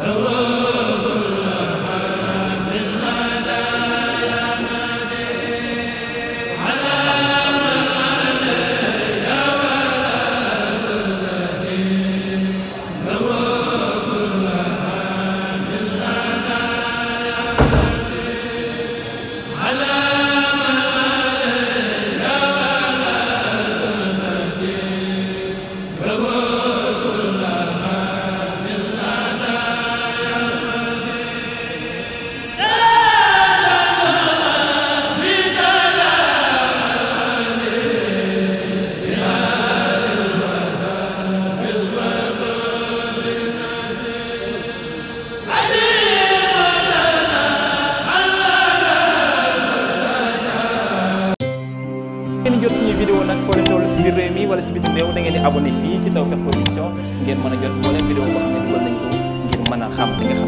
hein ngeen jot suñuy vidéo nag foo leen wala si biti réew da ngeen di abonné fii si Tawfekh Production ngeen mën a jot moo leen vidéo boo xam ne